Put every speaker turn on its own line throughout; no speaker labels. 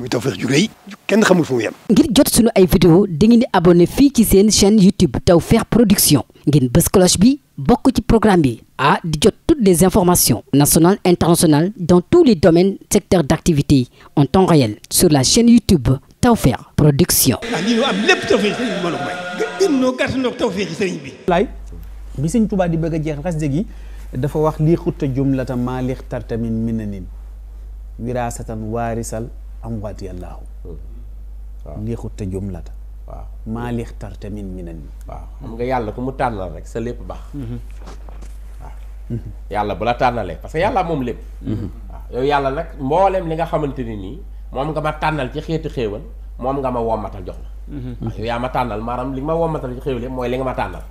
muy Tawfekh ju rëy kenn xamul fu mu yem.
ngir jot sunu ay vidéo dangeen di abonné fii ci seen chaîne YouTube Tawfekh Production ngeen bës cloche bi bokk ci programme bi ah di jot toutes les informations national internationales dans tous les domaines secteurs d'activité en temps réel sur la chaîne YouTube Tawfekh Production.
Ah, la may. gën noo
gàtt noo Tawfekh sëriñ bi. laay bi sëñ Tuubaa di bëgg a jeexal xas dëgg dafa wax lii xutta jumlata maa lixtarta min minanin wiraasatan waarisal am amwaati yàllaahu léexut hmm. te jumlata
waaw maa leex tar tamit minan ni waaw xam nga yàlla ku mu tànnal rek sa lépp baax hmm. Hmm. waaw yàlla bu la tànnalee parce que yàlla moom lépp waaw yow yàlla nag mboolem li nga xamante ni nii moom nga ma tànnal ci xeetu xéewal moom nga ma wommatal jox la waaw yow yaa ma tànnal maanaam li ma wommatal ci xéewal mooy li nga ma tànnal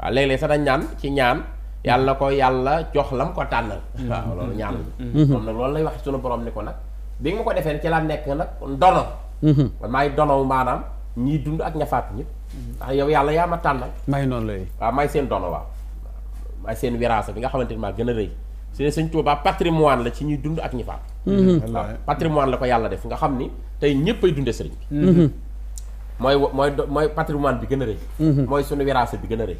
waaw léeg-léeg sax dañ ñaan ci ñaan yàlla na ko yàlla jox lam ko tànnal waaw loolu ñaan moom nag loolu lay wax sunu borom ni ko nag bi nga ko defee ci laa nekk nag ndono. Mhm. man maay donow maanaam ñiy dund ak ñafaatu ñëpp. ndax yow yàlla yaa ma tànnal. may noonu lay waaw may seen dono waaw. may seen wiraasa bi nga xamante ni maa gën a rëy. su ne sëñ Tuubaa patrimoine la ci ñuy dund ak ñi faatu. Mhm. waaw patrimoine la ko yàlla def nga xam ni tey ñëpp ay dunde sëriñ bi. Mhm. mooy mooy mooy patrimoine bi gën a rëy. mooy sunu wiraasa bi gën a rëy.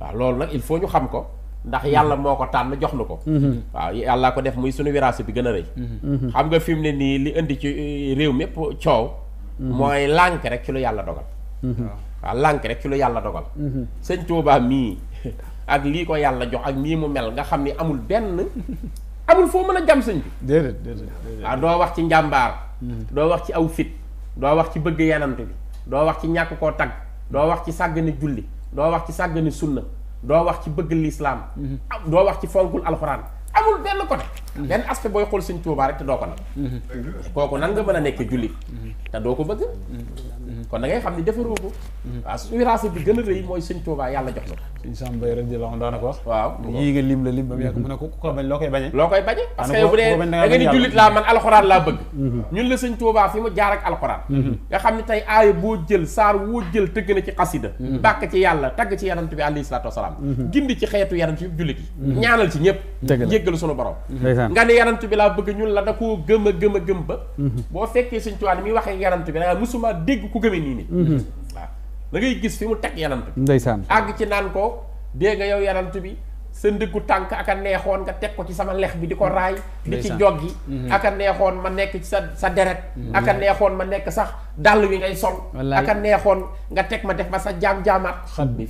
waaw loolu nag il faut ñu xam ko. ndax yàlla moo ko tànn jox nu ko mhm. waaw yàlla ko def muy sunu wiraasa bi gën a rëy mhm. xam nga fi mu ne nii li indi ci eh, réew mépp coow mhm. mooy lànk rek ci lu yàlla dogal waaw lànk rek ci lu yàlla dogal sëñ Tuubaa mii ak lii ko yàlla jox ak mii mu mel nga xam ni amul benn amul foo mën a jam sëñ bi
déedéet déedéet
waaw doo wax ci njàmbaar doo wax ci aw fit doo wax ci bëgg yanant bi doo wax ci ñàkk koo tagg doo wax ci sàggane julli doo wax ci sàgg sàggane sunna doo wax ci bëgg lislaam doo wax ci fonkul alxuraan amul benn côté benn aspect booy xool sëñ Tuubaa rek te doo ko nag kooku nan nga mën a nekkee jullit te doo ko bëgg kon da ngay xam ni defaroo ko waaw su wiraasa bi gën a rëy mooy sëñ Tuubaa yàlla jox na Sam Mbaye radiyallahu anhu daana ko wax waaw yii nga lim la lim ba mu yàgg mu ne ko ko bañ loo koy bañe loo koy bañe parce que bu dee da nga ni jullit laa man alxuraan laa bëgg mhm. ñun la sëñ Tuubaa fi mu jaar ak alxuraan mhm. nga xam ne tey aaya boo jël saar woo jël tëgg mhm. da koo gëm a gëm a gëm ba boo fekkee sëñ Tuubaa ni waxee yonent bi da nga dégg ku gëmee nii nii da ngay gis fi mu teg yanant
bi ndeysaan àgg
ci naan ko dee nga yow yanant bi sa ndiggu tànk ak a neexoon nga teg ko ci sama lex bi di ko raay di ci joggi mhm. aka neexoon ma nekk ci sa sa deret mhm. aka neexoon ma nekk sax dàll wi ngay sol ak a neexoon nga teg ma def ba sa jaam jaamaat xaddi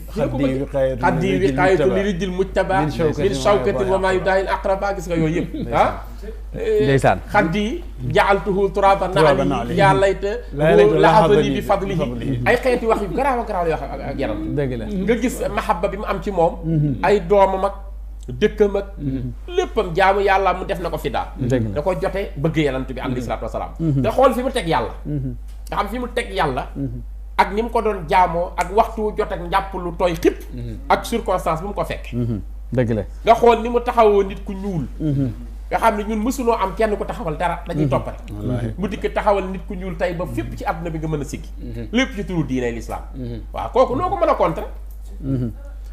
wi xayatu li rijjil mujtaba min shawkatin wa maa yudaahil aqraba gis nga yooyu yëpp ah eh, ndeysaan xaddi jaaltuhu turaban naali yaa layta la abani bi fadlihi ay xeeti wax yu garaaw a garaaw yoo xam ak yaram nga gis mahabba bi mu am ci moom mhm. ay doomam ak dëkkam ak mhm. léppam jaamu yàlla mu def na ko fi daal da ko jote bëgg yonent bi alayhi salaatu wasalaam mhm. te xool fi mu teg yàlla nga xam fi mu teg yàlla mhm. ak ni mu ko doon jaamoo ak waxtu jot ak njàpp lu tooy xipp mhm. ak circonstance bu mu ko fekk mhm. dëgg la nga xool ni mu taxawoo nit ku ñuul nga xam ne ñun mësuloo am kenn ku taxawal dara dañuy toppare mu dikk taxawal nit ku ñuul tey ba fépp ci àdduna bi nga mën a siggi lépp ci turu diine l'islam waaw kooku noo ko mën a contre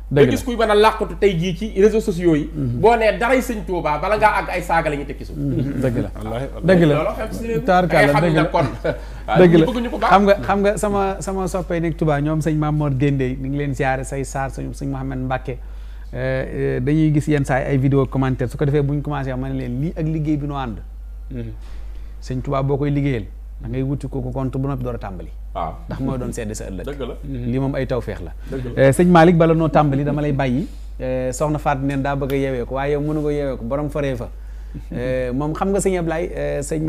dëgg gis kuy mën a tey jii ci réseaux sociaux yi. Mhm. boo nee daray sëñ Touba bala ngaa àgg la ñuy tekki suuf. Mhm. Mhm. dëgg
la dëgg la taarkaala dëgg
la
dëgg la xam nga xam nga sama sama soppee nekk tubaa ñoom sëñ Mamour Guendé ñu ngi leen siyaare say saar sëñ sëñ Mouhamed Mbacke. Eh, eh, dañuy gis yenn saa ay vidéo commentaire su ko defee bu ñu commencé ma ne leen lii ak liggéey bi noo ànd. sëñ tubaa boo koy liggéeyal. da ngay wuti ko compte bu noppi door a tàmbali. waaw ah. ndax mooy doon sedd sa ëllëg. dëgg mm-hmm. lii moom ay taw feex la. Eh, sëñ Malick bala noo tàmbali dama lay bàyyi. Eh, soxna Faat neen daa bëgg a yeewee ko waaye yow mënu ko yeewee ko borom foree fa. Eh, moom xam nga sëñ Ablaye. sëñ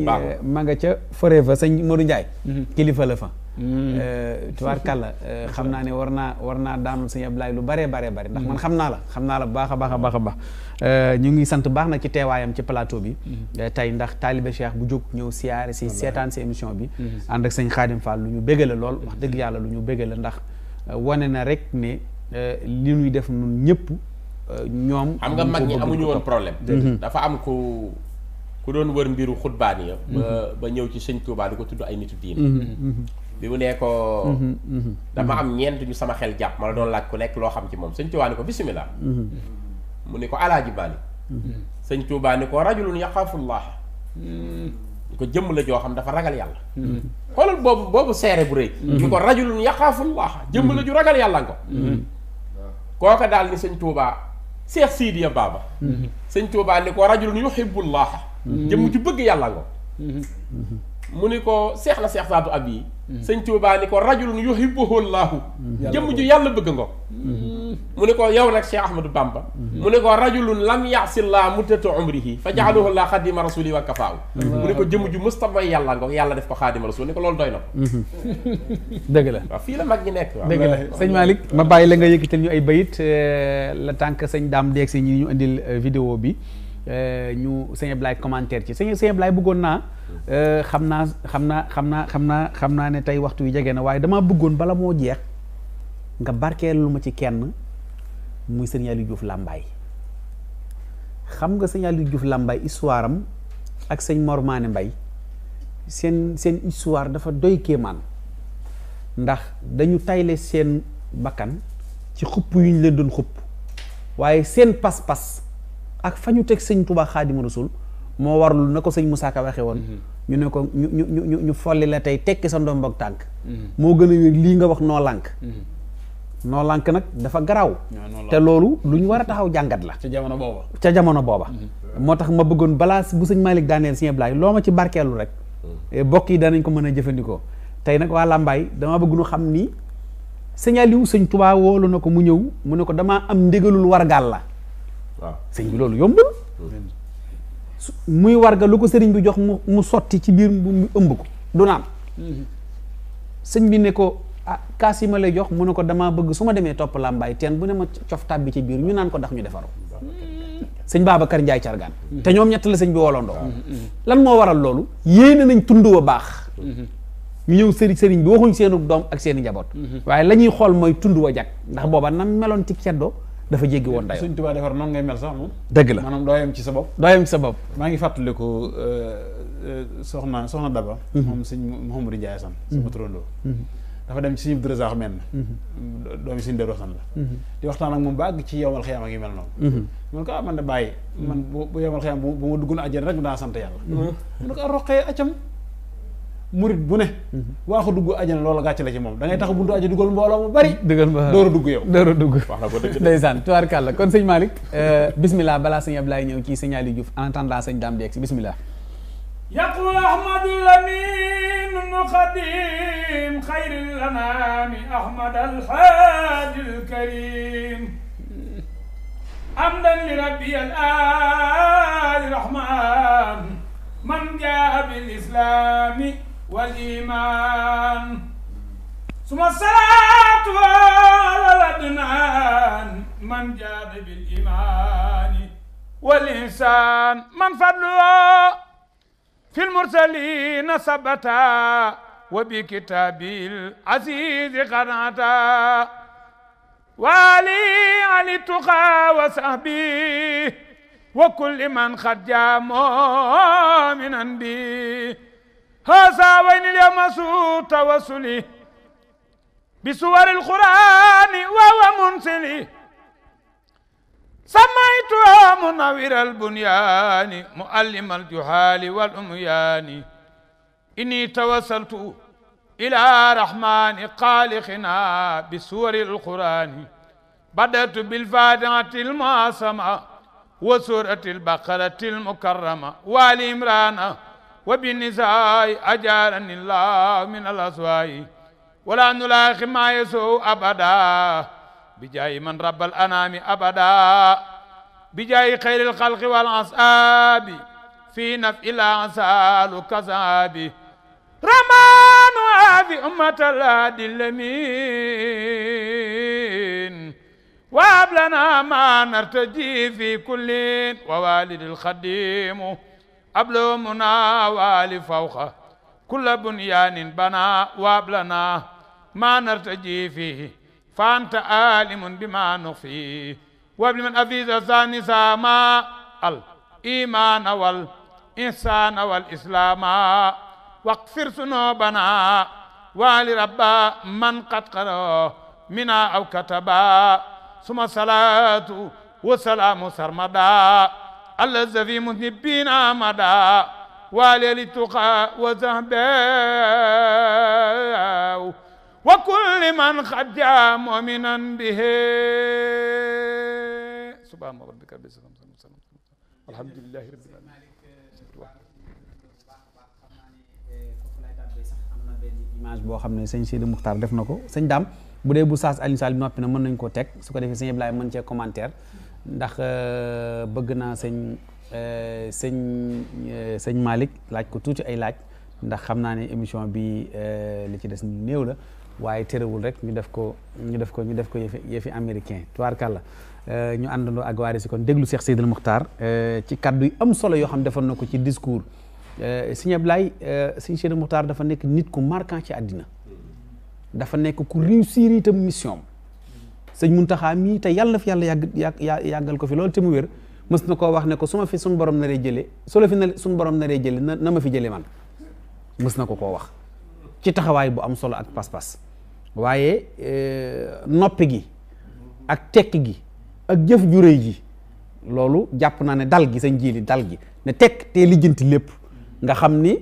ma nga ca foree fa sëñ Modou Ndiaye. Mm-hmm. kilifa la fa. Mm. Eh, tubaarkàlla eh, xam naa ne war naa war naa daanul sëñ Ablaye lu baree baree bari ndax man mm. xam naa la xam naa la baax a baax a baax eh, ñu ngi sant baax na ci teewaayam ci plateau bi mm. tey ndax taalibe Cheikh bu jóg ñëw siyaare si seetaan si émission bi ànd ak sëñ Xaadim lu ñu bégga la lool wax dëgg yàlla lu ñu bégga la ndax wane na rek ne li ñuy def nun ñëpp ñoom xam nga mag ñi amuñu woon problème mm-hmm.
dafa am ku ku doon wër mbiru xutbaan ya ba mm-hmm. ñëw ci sëñ Tuubaa di ko tudd ay nitu bi mu nee ko mhm, mhm. dama am ñeent ñu sama xel jàpp ma la doon laaj ku nekk loo xam ci moom sëñ Tuubaa ni ko bisimilah mhm. mu ne ko alaaji Maalik sëñ Tuubaa ni ko rajulun yaxaafullah ko jëmm la joo xam dafa ragal yàlla xoolal boobu boobu bu rëy ñu ko rajulun yaxaafullah jëmm la ju ragal yàlla kooka daal ni sëñ Tuubaa seex Siidiya Baaba sëñ Tuubaa ni ko rajulun yuhibbullah jëmm ci bëgg yàlla nga mu ni ko seex na seex saadu ab yi sëñ Tuubaa ni ko rajulun yuhibbuhu llaahu jëm ju yàlla bëgg nga
mm-hmm.
mu ni ko yow nag Cheikh Ahmadou Bamba mm-hmm. mu ni ko rajulun lam yaasillaa muddatu umrihi fa jaaluhu llaa xaadima rasuli wa kafaaw mm-hmm. mu ni ko jëm ju mustafa yàlla nga ko yàlla def ko xaadima rasul ni ko loolu doy na ko
dëgg la
waaw fii la mag ñi nekk dëgg la sëñ Malick
ma bàyyi la nga yëkkatal ñu ay bayit eh, la tànk sañ daam deeg si ñu indil eh, vidéo bi Euh, ñu sëñ Ablaye commentaire ci sëñ sëñ Ablaye bëggoon naa euh, xam naa xam naa xam naa xam naa xam naa ne tey waxtu wi jege na waaye damaa bëggoon bala moo jeex nga barkeel lu ma ci kenn muy sëñ Aliou Diouf Lambaye xam nga sëñ Aliou Diouf Lambaye histoire ak sëñ Mor Mané Mbaye seen seen histoire dafa doy kéemaan ndax dañu tayle seen bakkan ci xupp yu ñu leen doon xupp waaye seen pas-pas ak fa ñu teg sëñ Tuubaa Xaadimu Rasuul moo warul na ko sëñ mu saaka waxee woon. Mhm. ñu ne ko ñu ñu ñu ñu folli la tey tekki sa ndombog tànk. Mhm. moo gën a wér lii nga wax noo lànk. Mhm. noo lànk nag dafa garaw te loolu lu ñu war a taxaw jàngat la. ca jamono booba ca jamono booba. moo tax ma bëggoon balaa bu sëñ Malick Daniel sëñ Blaay loo ma ci barkeelu rek. Eh, bokk yi danañ ko mën a jëfandikoo. tey nag waa Lambaay damaa bëgg nu xam ni. signalé wu sëñ Tuubaa woolu na ko mu ñëw mu ne ko damaa am ndigalul wargal la. waaw sëñ bi loolu yombul. muy warga lu ko sëriñ bi jox mu mu sotti ci biir mu ëmb ko du naan. sëñ bi ne ko ah kaas yi ma lay jox mu ne ko damaa bëgg su ma demee topp làmbaay teen bu ne ma cof tàbbi ci biir ñu naan ko ndax ñu defaroo. sëñ Babacar Ndiaye Cargaan. te ñoom ñett la sëñ bi woloon wolondoo lan moo waral loolu. yéene nañ tund wa baax. ñu ñëw sëriñ sëriñ bi waxuñ seenu doom ak seeni njaboot. Uhuh. waaye la ñuy xool mooy tund wa jag ndax booba nam meloon ci dafa jéggi woon dayoo. suñ tubaab defar noonu ngay mel sax moom. dëgg la maanaam doo euh, euh, Daba. Mhm. moom sëñ Mouhamadou Ndiaye San. sama mhm. turandoo. Mhm. dafa dem ci sëñ mel Razak men. doomi sëñ Darou San la. di waxtaan ak moom ba àgg ci yowmal xiyaam ak yu mel noonu. mu ne ko ah man de bàyyi. man bu bu yowmal xiyaam bu ma naa àjjana rek mu daa sant yàlla. mu ne ko ah roqee acam murit bu ne mhm. waaxu dugg ajana loola gàcc la ci moom da ngay tax buntu aja dugal mbooloo mu bari dugal mbooloo door a dugg
yow door a dugg wax na ko dëgg
ndeysaan tubaarkàlla kon sëñ Malick euh, bismillah balaa sëñ Ablaye ñëw ci signal yu Diouf en attendant sëñ Dame Dieg si bismillah
yaqul ahmadul amin muqaddim xayril anami ahmad alhaadil karim amdan li rabbi al ali rahman من جاء بالإسلام والإيمان ثم الصلاة والأدنان من جاد بالإيمان والإنسان من فضله في المرسلين ثبتا وبكتاب العزيز قناتا والي علي التقى وصحبي وكل من قد جاموا من أنبيه هذا وين اليوم توسلي بصور القرآن وهو منسلي سميتها منور البنيان معلم الجهال والأميان إني توسلت إلى رحمن خالقنا بصور القرآن بدأت بالفاتحة المعصمة وسورة البقرة المكرمة والإمرانة وبالنساء أجارني الله من الأسواء ولا نلاخ ما يسوء أبدا بجاي من رب الأنام أبدا بجاي خير الخلق والأصحاب في نفع الأعسال كذاب رمان هذه أمة الهادي الأمين وهب لنا ما نرتجي في كل ووالد الخديم أبلو منا والي فوق كل بنيان بنا وابلنا ما نرتجي فيه فأنت عالم بما نخفي وبمن أفيز الثاني ساما الإيمان والإنسان والإسلام واغفر ذنوبنا ولرب من قد قرأ منا أو كتبا ثم صلاة وسلام سرمدا الذي في مذنبين مدى وليل التقى وزهباء وكل من خدع مؤمنا به سبحان ربك رب العزة عما يصفون والحمد لله رب العالمين
image boo xam ne sëñ Sidi Muxtaar def na ko sëñ Dame bu dee bu saas Alioune Sall bi noppi na mën nañ ko teg su ko defee sëñ Ibrahima mën cee commentaire ndax euh, bëgg naa sëñ euh, sëñ euh, sëñ Malick laaj ko tuuti ay laaj ndax xam naa ne émission bi li ci des néew la waaye terewul rek ñu def ko ñu def ko ñu def ko yëfi yëfi américain tubaarkàlla ñu àndandoo ak waari si kon déglu Cheikh Seydil Muxtaar ci kaddu yu am solo yoo xam defoon na ko ci discours sëñ Ablaye sëñ Seydil Muxtaar dafa nekk nit ku markan ci àddina dafa nekk ku réussir itam mission sëñ Muntaxa mii te yàlla na fi yàlla yàgg yàggal ko fi loolu te mu wér mës na koo wax ne ko su ma fi suñu borom naree jëlee su la fi na suñu borom naree jëlee na na ma fi jëlee man mës na ko koo wax ci taxawaay bu am solo ak pas-pas waaye e, noppi gi ak tekki gi ak jëf ju rëy ji loolu jàpp naa ne dal gi sañ jiili dal gi ne tekk te lijjanti lépp nga xam ni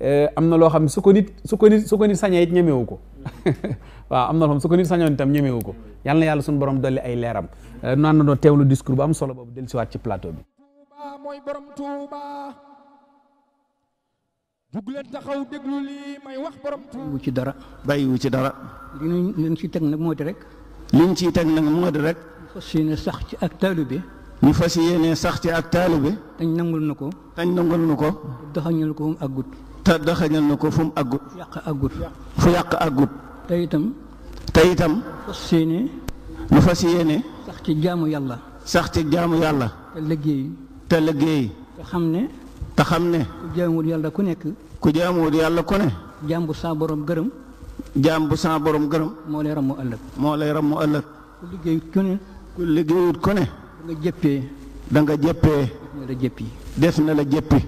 e, am na loo xam ne su ko nit su ko nit su ko nit sañee it ñemewu ko waaw am na loolu su ko nit sañoon itam ñemewu ko yal na yàlla suñu borom dolli ay leeram euh, naan na doon teewlu discours bu am solo boobu dellusiwaat ci plateau bi.
mooy borom Touba dugg leen taxaw déglu lii may wax borom
Touba. bàyyiwu ci dara bàyyiwu ci dara. li ñu li ñu ciy teg nag moo di rek. li ñu ciy teg nag moo di rek. ñu fas yéene sax ci ak taalu bi. ñu fas yéene sax ci ak taalu bi. tañ nangul na ko. tañ nangul na ko. doxañul ko mu àggut. te na ko fu mu àggut fu yàq àggut fu yàq àggut te itam te itam fas yéene lu fas yéene sax ci jaamu yàlla sax ci jaamu yàlla te liggéey te liggéey xam ne te xam ne ku jaamuwul yàlla ku nekk ku jaamuwul yàlla ku ne jaam bu saa gërëm jaam bu saa borom gërëm moo lay rammu ëllëg moo lay rammu ëllëg ku liggéeyut ku ne ku liggéeyut ku ne da nga jëppee da na la jëppi def na la jëppi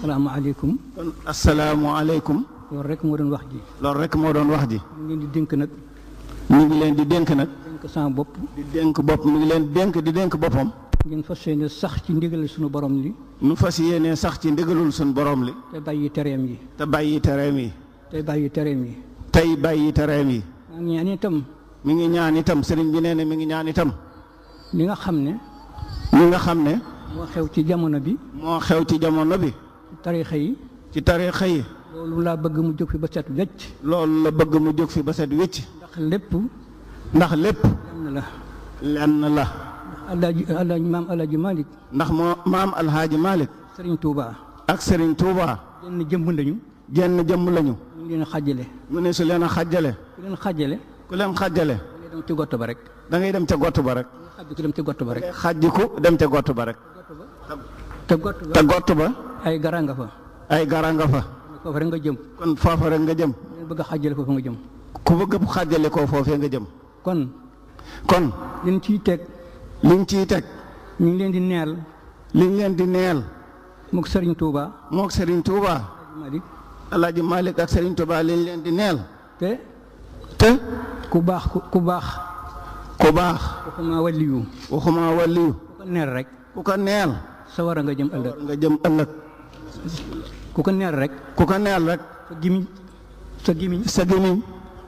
salaamaaleykum. kon asalaamaaleykum. loolu rek moo doon wax ji. loolu rek moo doon wax ji. ñu ngi leen di dénk nag. mu ngi leen di dénk nag. dénk sama bopp. di dénk bopp mu ngi leen dénk di dénk boppam. ngeen fas yéene sax ci suñu borom li. nu fas yéene sax ci ndigalul suñu boroom li. te bàyyi tereem yi. te bàyyi tereem yi. tey bàyyi tereem yi. tey bàyyi tereem yi. ngi ñaan itam. mi ngi ñaan itam sëriñ bi nee na mi ngi ñaan itam. li nga xam ne. li nga xam ne. moo xew ci jamono bi. moo xew ci jamono bi. tariixa yi. ci tariixa yi. loolu laa bëgg mu jóg fi ba set wecc. loolu la bëgg mu jóg fi ba set wecc. ndax lépp. ndax lépp. lenn la. lenn la. alaaji alaaji maam alaaji Malick. ndax moo maam alhaaji Malick. Serigne Touba. ak Serigne Touba. jenn jëmm lañu. jenn jëmm lañu. ñu leen a xàjjale. ne su leen xajale xàjjale. ku leen xàjjale. ku leen xajale da ngay dem ci gott ba rek. da ngay dem ca gott ba rek. xàjjiku dem ca ba rek. xàjjiku dem ca gott ba rek. te gott ba ba. ay gara nga fa. ay gara nga fa. foofa rek nga jëm. kon foofa rek nga jëm. bëgg a xàjjale foofa jëm. ku bëgg koo foofee nga jëm. kon. kon. liñ ciy teg. liñ ciy teg. ñu ngi leen di neel. liñ leen di neel. mook Serigne Touba. mook Serigne Touba. Alaaji Malik ak Serigne Touba liñ leen di neel. te. te. ku baax ku baax. ku baax. waxuma waliyu. waxuma waliyu. ku ko neel. sawara nga jëm ëllëg nga jëm ëllëg. ku ko neer rek. ku ko neel rek. sa gimiñ sa gimiñ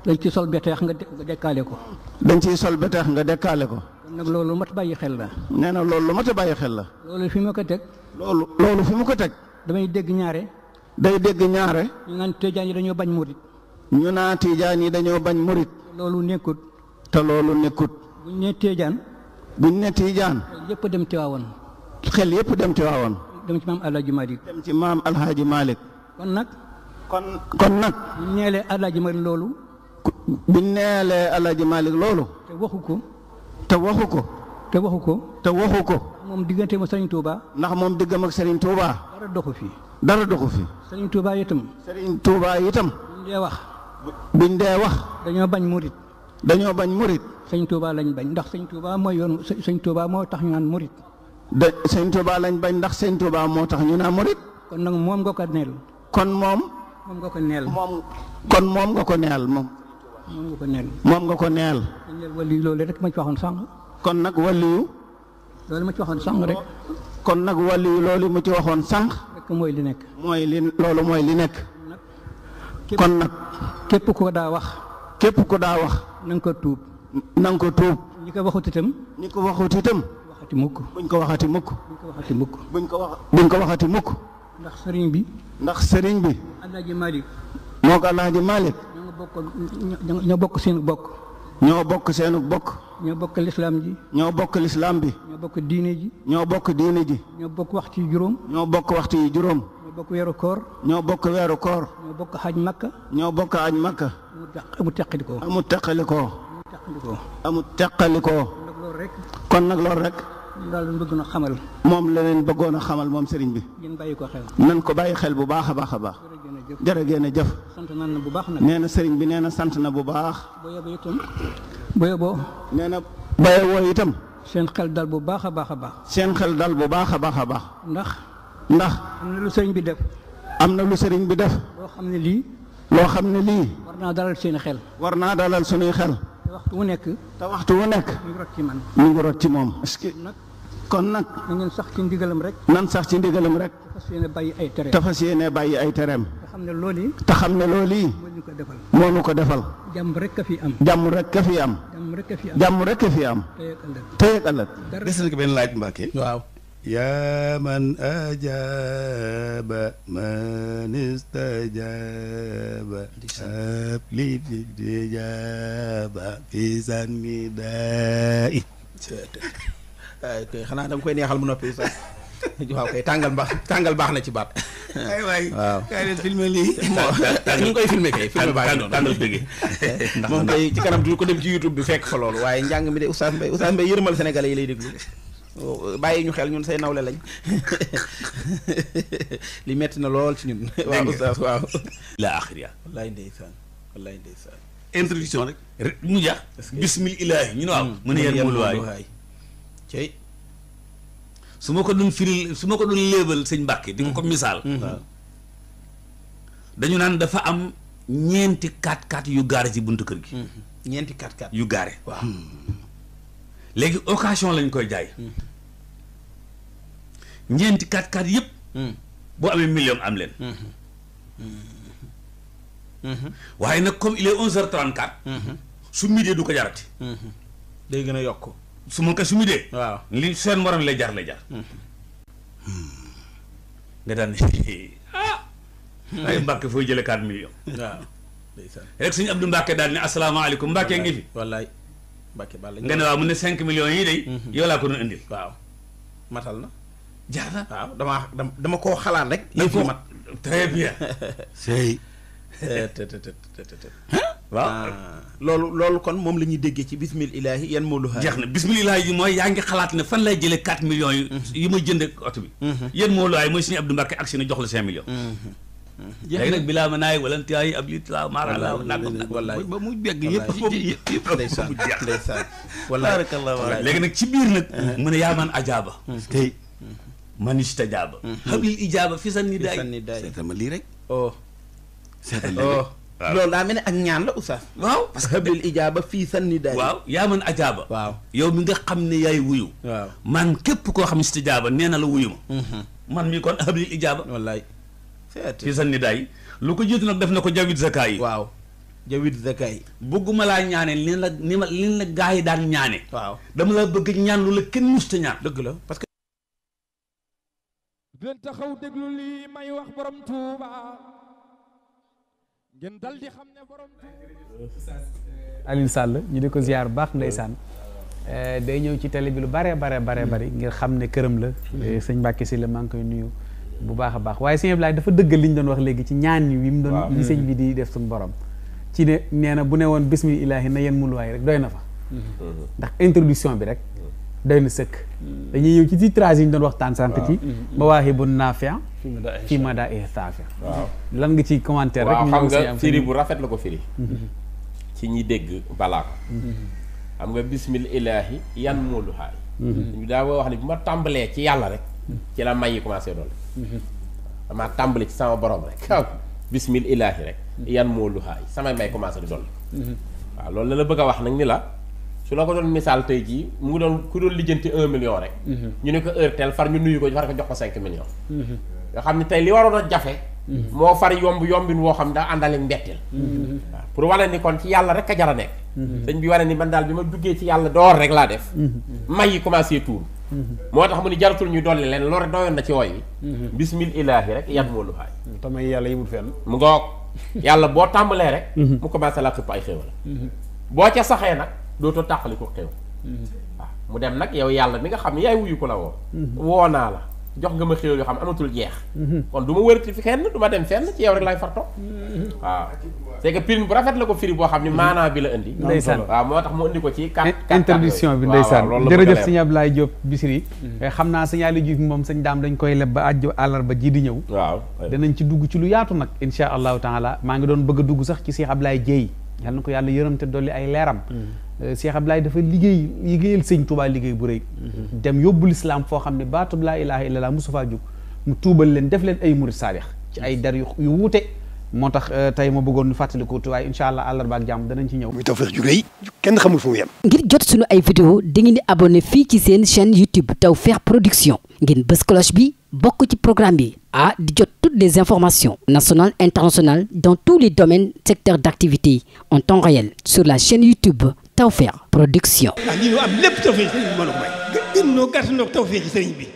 dañ ciy sol beteex nga dekkaale ko. dañ ciy sol beteex nga dekkaale ko. nag loolu lu mat bàyyi xel la. nee na loolu lu mat a bàyyi xel la. loolu fi ma ko teg. loolu loolu fi mu ko teg. damay dégg ñaare. day dégg ñaare. ñu naan tijaan yi dañoo bañ murit. ñu naa tijaan yi dañoo bañ murit. loolu nekkut. te loolu nekkut. buñ ne bu buñ ne tijaan. yëpp dem Tiwaawan. xel yëpp dem ci waawoon. dem ci maam Alhaji Malick. dem ci maam Alhaji Malick. kon nag. kon kon nag. bu ñu neelee loolu. bu ñu neelee Alhaji loolu. te waxu ko. te waxu ko. te waxu ko. te waxu ko. moom diggante ma Serigne Touba. ndax moom diggam ak Serigne Touba. dara doxu fi. dara doxu fi. Serigne Touba itam. Serigne Touba itam. buñ dee wax. buñ dee wax. dañoo bañ murit. dañoo bañ murit. Serigne Touba lañ bañ ndax Serigne Touba mooy yoon Serigne Touba moo tax ñu naan murit. da sëñ Touba lañ bañ ndax sëñ Touba moo tax ñu naa murit kon nag moom nga ko neel. kon moom. moom nga ko neel moom. kon moom nga ko neel moom. nga ko neel. moom nga ko neel. loolu rek ma ci waxoon sànq. kon nag waliyu. loolu ma ci waxoon sànq rek. kon nag waliyu loolu ma ci waxoon sànq. rek mooy li nekk. mooy li loolu mooy li nekk. kon nag. képp ko daa wax. képp ko daa wax. na ko tuub. na ko tuub. ñi ko waxut itam. ñi ko waxut itam. waxati mukk. buñ ko waxati mukk. buñ ko waxati mukk. ko wax buñ ko waxati mukk. ndax sëriñ bi. ndax sëriñ bi. Alaaji moo ko Alaaji Malick. ñoo bokk bokk seen bokk. ñoo bokk seenu bokk. ñoo bokk lislaam bi ñoo bokk lislaam bi. ñoo bokk diine ji. ñoo bokk diine ji. ñoo bokk waxtu yu juróom. ñoo bokk waxtu yu juróom. ñoo bokk weeru koor. ñoo bokk weeru koor. ñoo bokk xaj makka. ñoo bokk xaj makka. amut teqalikoo. ko teqalikoo. amut ko kon nag loolu rek. loolu lañ bëgg na xamal. moom la leen bëggoon a xamal moom sëriñ bi. ngeen bàyyi ko xel. nan ko bàyyi xel bu baax a baax a baax. jërëgeen a jëf. sant nañ bu baax nag. nee na bi nee na sant na bu baax. boo yeboo itam. boo yeboo. na boo yeboo itam. seen xel dal bu baax a baax a baax. seen xel dal bu baax a baax a baax. ndax. ndax. am na lu sëriñ bi def. am na lu sëriñ bi def. loo xam ne lii. loo xam ne lii. war naa dalal seen xel. war naa dalal sunuy xel. te waxtu wu nekk. te waxtu wu nekk. mu ngi rot ci man. mu moom. kon nag. sax ci ndigalam rek. nan sax ci ndigalam rek. tafas yéene bàyyi ay tereem tafas bàyyi ay tereem. te xam ne loolu yi. te xam ne loolu yi. moo ñu ko defal
moo ñu ko defal. jàmm rek ka fi am. jàmm rek ka fi am.
jàmm rek ka fi am
jàmm rek ka fi am. tey ak ëllëg des na ko benn laaj Mbàkke. waaw. yaa man ajaaba fi sanni daa Eh, xanaa dama koy neexal mu noppi sax waaw kay tàngal baax tàngal baax na ci baat. ay waay waaw kay leen ñu ngi koy filmé kay. filmé baax na tàngal bëggee. Eh, ndax moom kay ci kanam du ko dem ci bi fekk fa loolu waaye njàng mi de Oustaz Mbaye Oustaz Mbaye yërmal Sénégalais yi lay déglu. Oh, bàyyi ñu xel ñun say nawle lañ li metti na lool ci ñun. waaw Oustaz waaw. la akhiriya. wallaay ndeysaan wallaay ndeysaan. introduction rek. mu jax bismil ilaahi ñu ne waaw. Hmm. mu ne hmm, yéen cey su ma ko doon firil su ma ko doon léebal sëñ Mbàkke di ko ko mhm. misaal mhm. dañu naan dafa am ñeenti kaat kaat yu gaare ci buntu kër gi mhm. ñeenti kaat kaat yu gaare waaw hmm. léegi occasion lañ koy jaay hmm. ñeenti kaat kaat yëpp hmm. boo amee million am leen waaye nag comme il est onze heures trente-quatre su midi du ko jarati day gën a yokk su ma ko su mu dee. waaw li seen morom lay jar lay jar. Hmm. Hmm. nga daan ah. Hmm. ay Mbacke fooy jëlee 4 millions. waaw
ndeysaan rek suñu Abdou Mbacke daal ne asalaamaaleykum Mbacke ngi fi. wallaay Mbacke bala nga ne waaw mu ne
5 millions yi de. yow laa ko doon indil. waaw matal na. jaar na waaw damaa dama koo xalaat rek. da ko mat très bien. sëy. waaw ah. loolu loolu kon moom la ñuy déggee ci bismil ilaahi yan moolu jeex na bismil ilaahi yi mooy yaa ngi xalaat na fan lay jëlee 4 millions yu mhm. yi may jënd ak oto bi mhm. yan moolu waay mooy suñu Abdou Mbacke ak na jox la 5 millions mhm. léegi nag bilaa ma naay wala tiyaay ab li tilaa maara laa nangam nag ba mu begg yëpp foofu yëpp yëpp mu jeex ndeysaan wallaahi léegi nag ci biir nag uh-huh. mu ne yaa man ajaaba tey man istajaaba habil ijaaba fi san ni daay seetama lii rek oh seetal oh. lii loolu daa mel ne ak ñaan la oustaz. waaw parce que hablil ijaaba fii sanni daay. waaw yaa man ajaaba. waaw yow mi nga xam ne yaay wuyu. waaw man képp koo xam istijaaba nee na la wuyu ma. Mhm. man mi kon hablil ijaaba. wallaay. fii sanni daay lu ko jiitu nag def na ko jawwit zakaa yi. bëgguma laa ñaane li la ma li la gaa yi daan ñaane. waaw dama la bëgg ñaan lu la kenn musta ñaan. dëgg la parce que.
ngeen dal di xam ne borom
Alioune Sall ñu di ko ziar baax ndeysaan eh, day ñëw ci télé bi lu bare bare bare bari ngir xam ne këram la mm-hmm. eh, sëñ Mbàkke si la maa ngi koy nuyu bu baax a baax waaye sëñ Ablaye dafa dëggal liñ doon wax léegi ci ñaan yi mu doon li sëñ bi di def suñu borom ci ne nee na bu ne woon bismillaahi na yéen muluwaay rek doy na fa
mm-hmm.
ndax introduction bi rek mm-hmm. doy na sëkk dañuy ñëw ci titrage yi ñu doon wax waxtaan sànq ci naa naafiya fii ma daa ee saafir waaw lan nga ci commentaire rek xam nga firi bu
rafet la ko firi mhm. Mhm. ci ñi dégg balaa ko xam nga bismil ilaahi yan moolu mhm. xaay ñu daa wax ne bi ma tàmbalee ci yàlla rek ci la may yi commencé doon dama tàmbali ci sama borom rek waaw bismil ilaahi rek yan moolu xaay samay may commencé di doon waaw loolu la la bëgg a wax nag ni la su la ko doon misaal tey jii mu ngi doon ku doon lijjanti un million rek ñu ne ko heure far ñu nuyu ko far ko nga xam ne tey li waroon a jafe. Mhm. moo far yomb yombin woo xam daa àndale mbetteel. Mhm. waaw pour wane ni kon ci yàlla rek a jar a nekk. Mhm. sëñ bi wane ni man daal bi ma duggee ci yàlla door rek laa def. may yi commencé tuur. moo tax mu ni jaratul ñu dolli leen loolu rek doyoon na ci woy yi. bismil ilaahi rek yan moo lu xaay. te may yàlla yëngu fenn. mu ngoog yàlla boo tàmbalee rek. mu commencé laa xëpp ay xéwal. boo ca saxee nag dootoo tàqali ko xéw. mu dem nag yow yàlla mi nga xam ne ko la woo. naa la. jox nga ma xéwal yoo xam amatul jeex. Mhm. kon du ma wërati fi kenn du ma dem fenn ci yow rek laay farto mhm. waaw c'est que bu rafet la ko firi boo xam ni mhm. maanaa bi la indi. ndeysaan waaw moo tax mu indi ko ci. quatre quatre interdiction bi ndeysaan jërëjëf sëñ
Abdoulaye Diop Bichri. Eh, xam naa si Aliou Diouf moom sëñ daam dañ koy leb ba àjj ba ji di ñëw. waaw danañ ci dugg ci lu yaatu nag incha allahu taala maa ngi doon bëgg a dugg sax ci Cheikh Abdoulaye Dieye yal na ko yàlla yërëm te dolli ay leeram Euh, Cheikh Ablaye dafa liggéey liggéeyal sëñ Touba liggéey bu rëy. Mhm. dem yóbbu lislaam foo xam ne baatub laa ilaaha illallaah musu faa jóg mu tuubal leen def leen ay murit saalix ci ay dar yu yu wuute moo tax euh, tey ma bëggoon fàttaliku waaye incha allah àllarba ak jàmm danañ ci ñëw. muy Tawfekh ju rëy kenn xamul fu mu
ngir jot sunu ay vidéo
dangeen di abonné fii ci seen chaîne YouTube Tawfekh Production ngeen bës cloche bi bokk ci programme bi ah di jot toutes les informations nationales internationales dans tous les domaines secteurs d'activité en temps réel sur la chaîne YouTube. Tawfekh Production. ndax
ah, lii am lépp tawfeex ci sëriñ bi mën a may. gën noo gàtt noo tawfeex ci sëriñ bi.